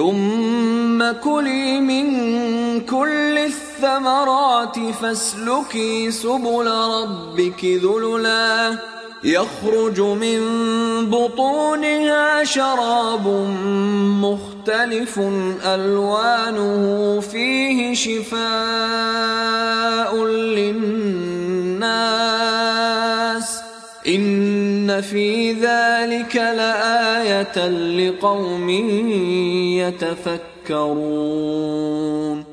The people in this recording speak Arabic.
ثم كلي من كل الثمرات فاسلكي سبل ربك ذللا يخرج من بطونها شراب مختلف الوانه فيه شفاء للناس ان في ذلك لايه لقوم يتفكرون